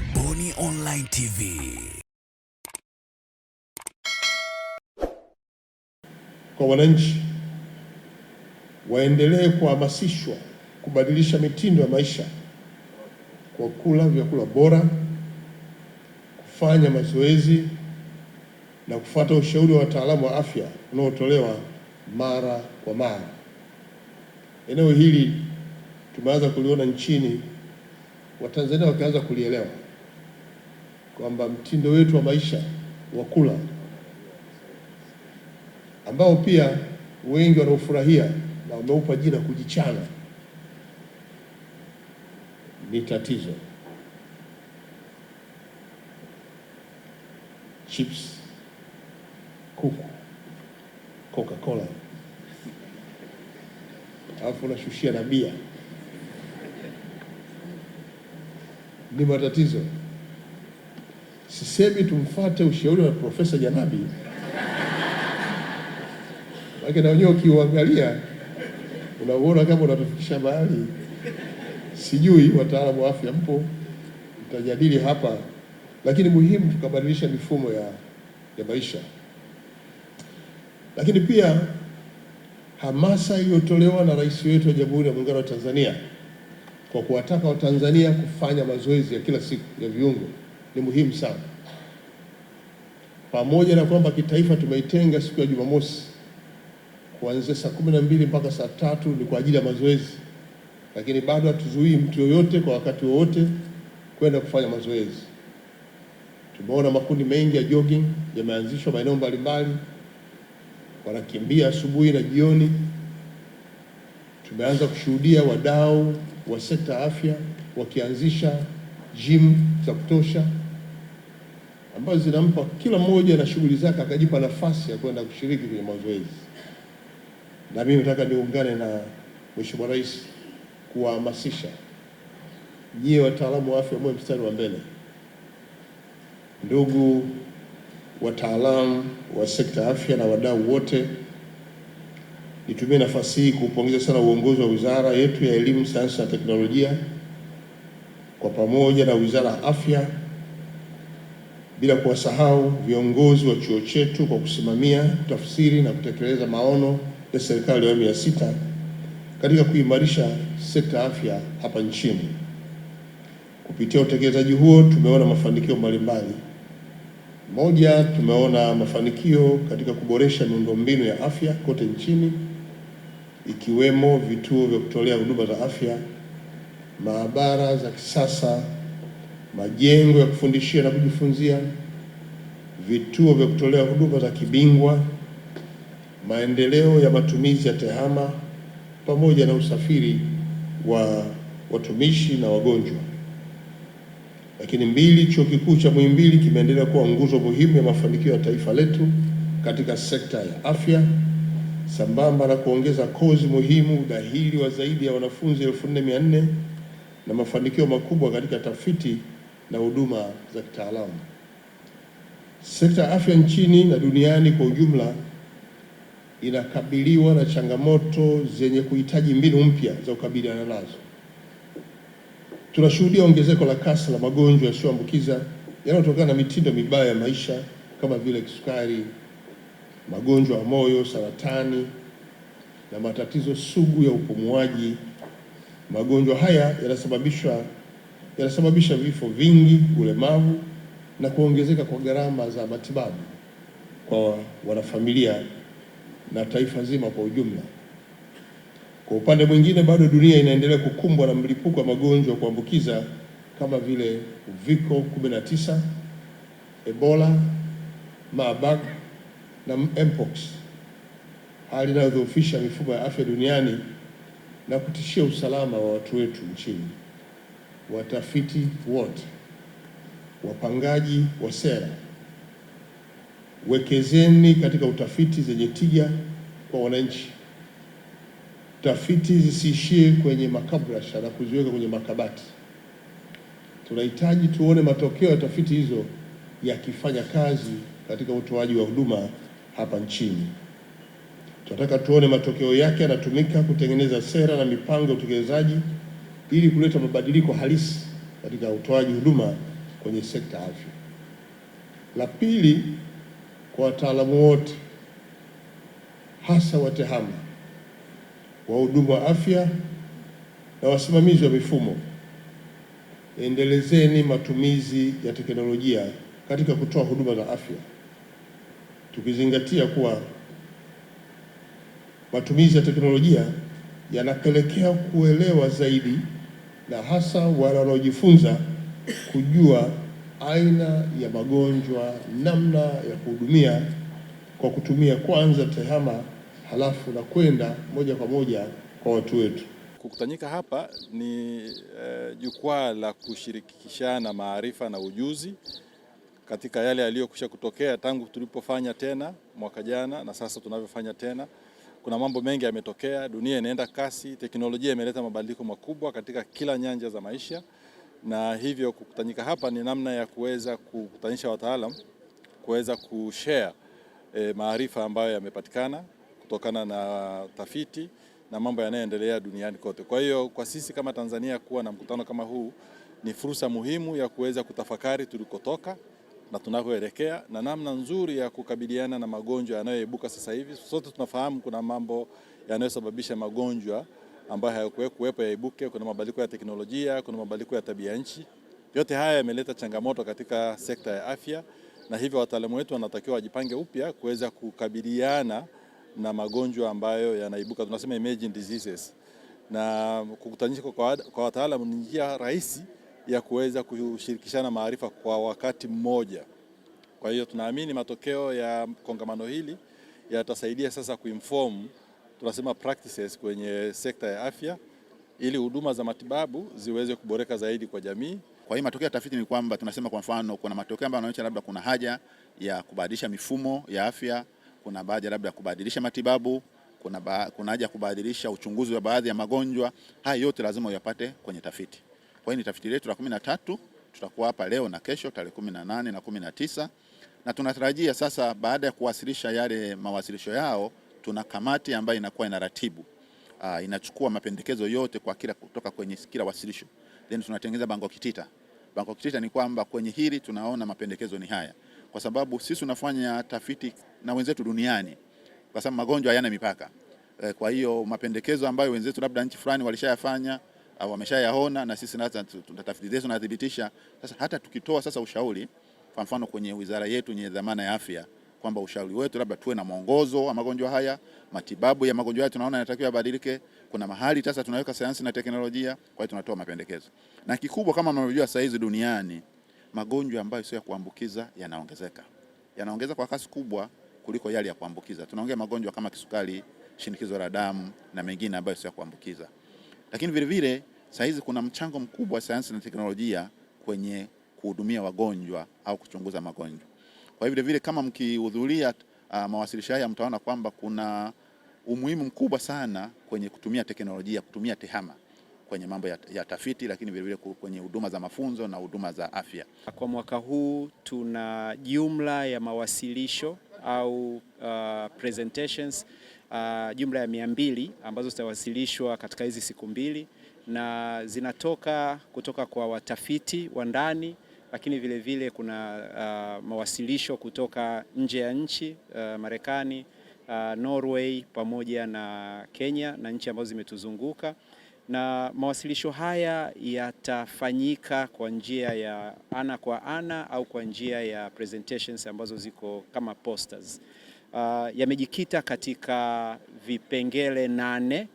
Billy Online TV. Kwa wananchi waendelee kuhamasishwa kubadilisha mitindo ya maisha kwa kula vyakula bora, kufanya mazoezi na kufuata ushauri wa wataalamu wa afya unaotolewa mara kwa mara. Eneo hili tumeanza kuliona nchini, Watanzania wakaanza kulielewa kwamba mtindo wetu wa maisha wa kula ambao pia wengi wanaofurahia na wameupa jina kujichana ni tatizo. Chips, kuku, Coca-Cola alafu unashushia na bia ni matatizo. Sisemi tumfate ushauri wa Profesa Janabi lakini na wenyewe ukiuangalia unauona kama unatufikisha mahali. Sijui wataalamu wa afya mpo, mtajadili hapa, lakini muhimu tukabadilisha mifumo ya, ya maisha. Lakini pia hamasa iliyotolewa na rais wetu wa Jamhuri ya Muungano wa Tanzania kwa kuwataka Watanzania kufanya mazoezi ya kila siku ya viungo ni muhimu sana. Pamoja na kwamba kitaifa tumeitenga siku ya Jumamosi kuanzia saa kumi na mbili mpaka saa tatu ni kwa ajili ya mazoezi, lakini bado hatuzuii mtu yoyote kwa wakati wowote kwenda kufanya mazoezi. Tumeona makundi mengi ya jogging yameanzishwa maeneo mbalimbali, wanakimbia asubuhi na jioni. Tumeanza kushuhudia wadau wa sekta afya wakianzisha gym za kutosha ambazo zinampa kila mmoja na shughuli zake akajipa nafasi ya kwenda kushiriki kwenye mazoezi. Na mimi nataka niungane na Mheshimiwa Rais kuwahamasisha nyie wataalamu wa afya mwe mstari wa mbele, ndugu wataalamu wa sekta afya na wadau wote. Nitumie nafasi hii kuupongeza sana uongozi wa wizara yetu ya elimu, sayansi na teknolojia kwa pamoja na wizara ya afya bila kuwasahau viongozi wa chuo chetu kwa kusimamia, tafsiri na kutekeleza maono ya serikali ya awamu ya sita katika kuimarisha sekta ya afya hapa nchini. Kupitia utekelezaji huo tumeona mafanikio mbalimbali. Moja, tumeona mafanikio katika kuboresha miundombinu ya afya kote nchini ikiwemo vituo vya kutolea huduma za afya, maabara za kisasa majengo ya kufundishia na kujifunzia, vituo vya kutolea huduma za kibingwa, maendeleo ya matumizi ya TEHAMA pamoja na usafiri wa watumishi na wagonjwa. Lakini mbili, chuo kikuu cha Muhimbili kimeendelea kuwa nguzo muhimu ya mafanikio ya taifa letu katika sekta ya afya sambamba na kuongeza kozi muhimu, udahili wa zaidi ya wanafunzi 4400 na mafanikio makubwa katika tafiti na huduma za kitaalamu. Sekta ya afya nchini na duniani kwa ujumla inakabiliwa na changamoto zenye kuhitaji mbinu mpya za kukabiliana nazo. Tunashuhudia ongezeko la kasi la magonjwa yasiyoambukiza yanayotokana na mitindo mibaya ya maisha kama vile kisukari, magonjwa ya moyo, saratani na matatizo sugu ya upumuaji. Magonjwa haya yanasababishwa yanasababisha vifo vingi, ulemavu na kuongezeka kwa gharama za matibabu kwa wanafamilia na taifa zima kwa ujumla. Kwa upande mwingine, bado dunia inaendelea kukumbwa na mlipuko wa magonjwa ya kuambukiza kama vile Uviko 19, Ebola, Marburg na Mpox, hali inayodhoofisha mifumo ya afya duniani na kutishia usalama wa watu wetu nchini watafiti wote, wapangaji wa sera, wekezeni katika utafiti zenye tija kwa wananchi. Tafiti zisiishie kwenye makabrasha na kuziweka kwenye makabati. Tunahitaji tuone matokeo ya tafiti hizo yakifanya kazi katika utoaji wa huduma hapa nchini. Tunataka tuone matokeo yake yanatumika kutengeneza sera na mipango ya utekelezaji ili kuleta mabadiliko halisi katika utoaji huduma kwenye sekta ya afya. La pili, kwa wataalamu wote hasa watehama, wahudumu wa afya na wasimamizi wa mifumo, endelezeni matumizi ya teknolojia katika kutoa huduma za afya, tukizingatia kuwa matumizi ya teknolojia yanapelekea kuelewa zaidi na hasa wale wanaojifunza kujua aina ya magonjwa, namna ya kuhudumia kwa kutumia kwanza tehama, halafu na kwenda moja kwa moja kwa watu wetu. Kukutanyika hapa ni eh, jukwaa la kushirikishana maarifa na ujuzi katika yale yaliyokwisha kutokea tangu tulipofanya tena mwaka jana na sasa tunavyofanya tena. Kuna mambo mengi yametokea, dunia inaenda kasi, teknolojia imeleta mabadiliko makubwa katika kila nyanja za maisha, na hivyo kukutanyika hapa ni namna ya kuweza kukutanisha wataalam kuweza kushare e, maarifa ambayo yamepatikana kutokana na tafiti na mambo yanayoendelea duniani kote. Kwa hiyo kwa sisi kama Tanzania kuwa na mkutano kama huu ni fursa muhimu ya kuweza kutafakari tulikotoka na tunakoelekea na namna nzuri ya kukabiliana na magonjwa yanayoibuka sasa hivi. Sote tunafahamu kuna mambo yanayosababisha magonjwa ambayo hayakuwepo yaibuke. Kuna mabadiliko ya teknolojia, kuna mabadiliko ya tabia nchi. Yote haya yameleta changamoto katika sekta ya afya, na hivyo wataalamu wetu wanatakiwa wajipange upya kuweza kukabiliana na magonjwa ambayo yanaibuka, tunasema emerging diseases, na kukutanishika kwa wataalamu ni njia rahisi ya kuweza kushirikishana maarifa kwa wakati mmoja. Kwa hiyo tunaamini matokeo ya kongamano hili yatasaidia sasa kuinform tunasema practices kwenye sekta ya afya ili huduma za matibabu ziweze kuboreka zaidi kwa jamii. Kwa hiyo matokeo ya tafiti ni kwamba tunasema, kwa mfano, kuna matokeo ambayo yanaonyesha labda kuna haja ya kubadilisha mifumo ya afya, kuna baadhi labda ya kubadilisha matibabu, kuna haja ya kubadilisha uchunguzi wa baadhi ya magonjwa. Haya yote lazima uyapate kwenye tafiti. Kwa hiyo ni tafiti letu la kumi na tatu, tutakuwa hapa leo na kesho tarehe kumi na nane na kumi na tisa na tunatarajia sasa, baada ya kuwasilisha yale mawasilisho yao, tuna kamati ambayo inakuwa inaratibu aa, ah, inachukua mapendekezo yote kwa kila kutoka kwenye kila wasilisho, then tunatengeneza bango kitita. Bango kitita ni kwamba kwenye hili tunaona mapendekezo ni haya, kwa sababu sisi tunafanya tafiti na wenzetu duniani, kwa sababu magonjwa hayana mipaka. Eh, kwa hiyo mapendekezo ambayo wenzetu labda nchi fulani walishayafanya au wameshayaona na sisi na tunatafiti zetu nathibitisha. Sasa hata tukitoa sasa ushauri, kwa mfano kwenye wizara yetu yenye dhamana ya afya, kwamba ushauri wetu labda tuwe na mwongozo wa magonjwa haya, matibabu ya magonjwa haya tunaona yanatakiwa yabadilike. Kuna mahali sasa tunaweka sayansi na teknolojia, kwa hiyo tunatoa mapendekezo. Na kikubwa kama mnavyojua sasa hizi duniani magonjwa ambayo sio ya kuambukiza yanaongezeka, yanaongeza kwa kasi kubwa kuliko yale ya kuambukiza. Tunaongea magonjwa kama kisukari, shinikizo la damu na mengine ambayo sio ya kuambukiza. Lakini vilevile sahizi kuna mchango mkubwa wa sayansi na teknolojia kwenye kuhudumia wagonjwa au kuchunguza magonjwa. Kwa hivyo vilevile kama mkihudhuria uh, mawasilisho haya mtaona kwamba kuna umuhimu mkubwa sana kwenye kutumia teknolojia, kutumia tehama kwenye mambo ya, ya tafiti lakini vilevile kwenye huduma za mafunzo na huduma za afya. Kwa mwaka huu tuna jumla ya mawasilisho au uh, presentations uh, jumla ya mia mbili ambazo zitawasilishwa katika hizi siku mbili na zinatoka kutoka kwa watafiti wa ndani, lakini vile vile kuna uh, mawasilisho kutoka nje ya nchi uh, Marekani uh, Norway pamoja na Kenya na nchi ambazo zimetuzunguka na mawasilisho haya yatafanyika kwa njia ya ana kwa ana au kwa njia ya presentations ambazo ziko kama posters uh, yamejikita katika vipengele nane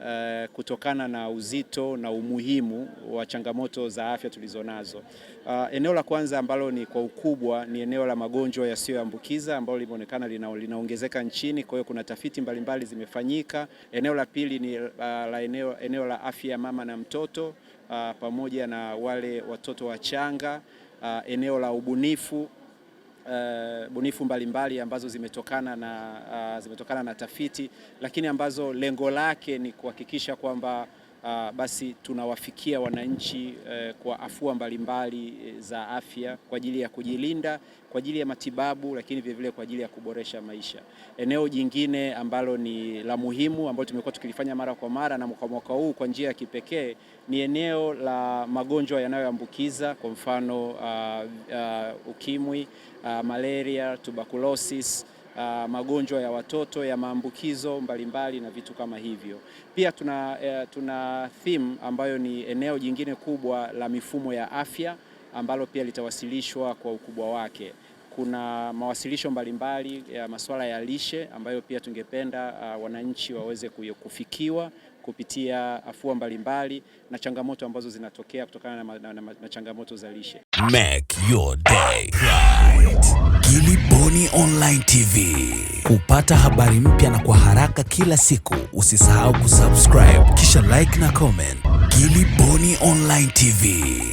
uh, kutokana na uzito na umuhimu wa changamoto za afya tulizonazo. Uh, eneo la kwanza ambalo ni kwa ukubwa ni eneo la magonjwa yasiyoambukiza ambalo limeonekana lina, linaongezeka nchini, kwa hiyo kuna tafiti mbalimbali mbali zimefanyika. Eneo la pili ni uh, la eneo, eneo la afya ya mama na mtoto uh, pamoja na wale watoto wachanga uh, eneo la ubunifu uh, bunifu mbalimbali mbali ambazo zimetokana na, uh, zimetokana na tafiti, lakini ambazo lengo lake ni kuhakikisha kwamba Ah, basi tunawafikia wananchi eh, kwa afua mbalimbali eh, za afya kwa ajili ya kujilinda, kwa ajili ya matibabu, lakini vilevile kwa ajili ya kuboresha maisha. Eneo jingine ambalo ni la muhimu ambalo tumekuwa tukilifanya mara kwa mara na kwa mwaka huu kwa njia ya kipekee ni eneo la magonjwa yanayoambukiza kwa mfano uh, uh, ukimwi, uh, malaria, tuberculosis uh, magonjwa ya watoto ya maambukizo mbalimbali na vitu kama hivyo. Pia tuna, uh, tuna theme ambayo ni eneo jingine kubwa la mifumo ya afya ambalo pia litawasilishwa kwa ukubwa wake. Kuna mawasilisho mbalimbali ya masuala ya lishe ambayo pia tungependa uh, wananchi waweze kufikiwa kupitia afua mbalimbali na changamoto ambazo zinatokea kutokana na, na, na, na changamoto za lishe. Make your day right. Goni Online TV. Kupata habari mpya na kwa haraka kila siku, usisahau kusubscribe kisha like na comment. Gilly Boni Online TV.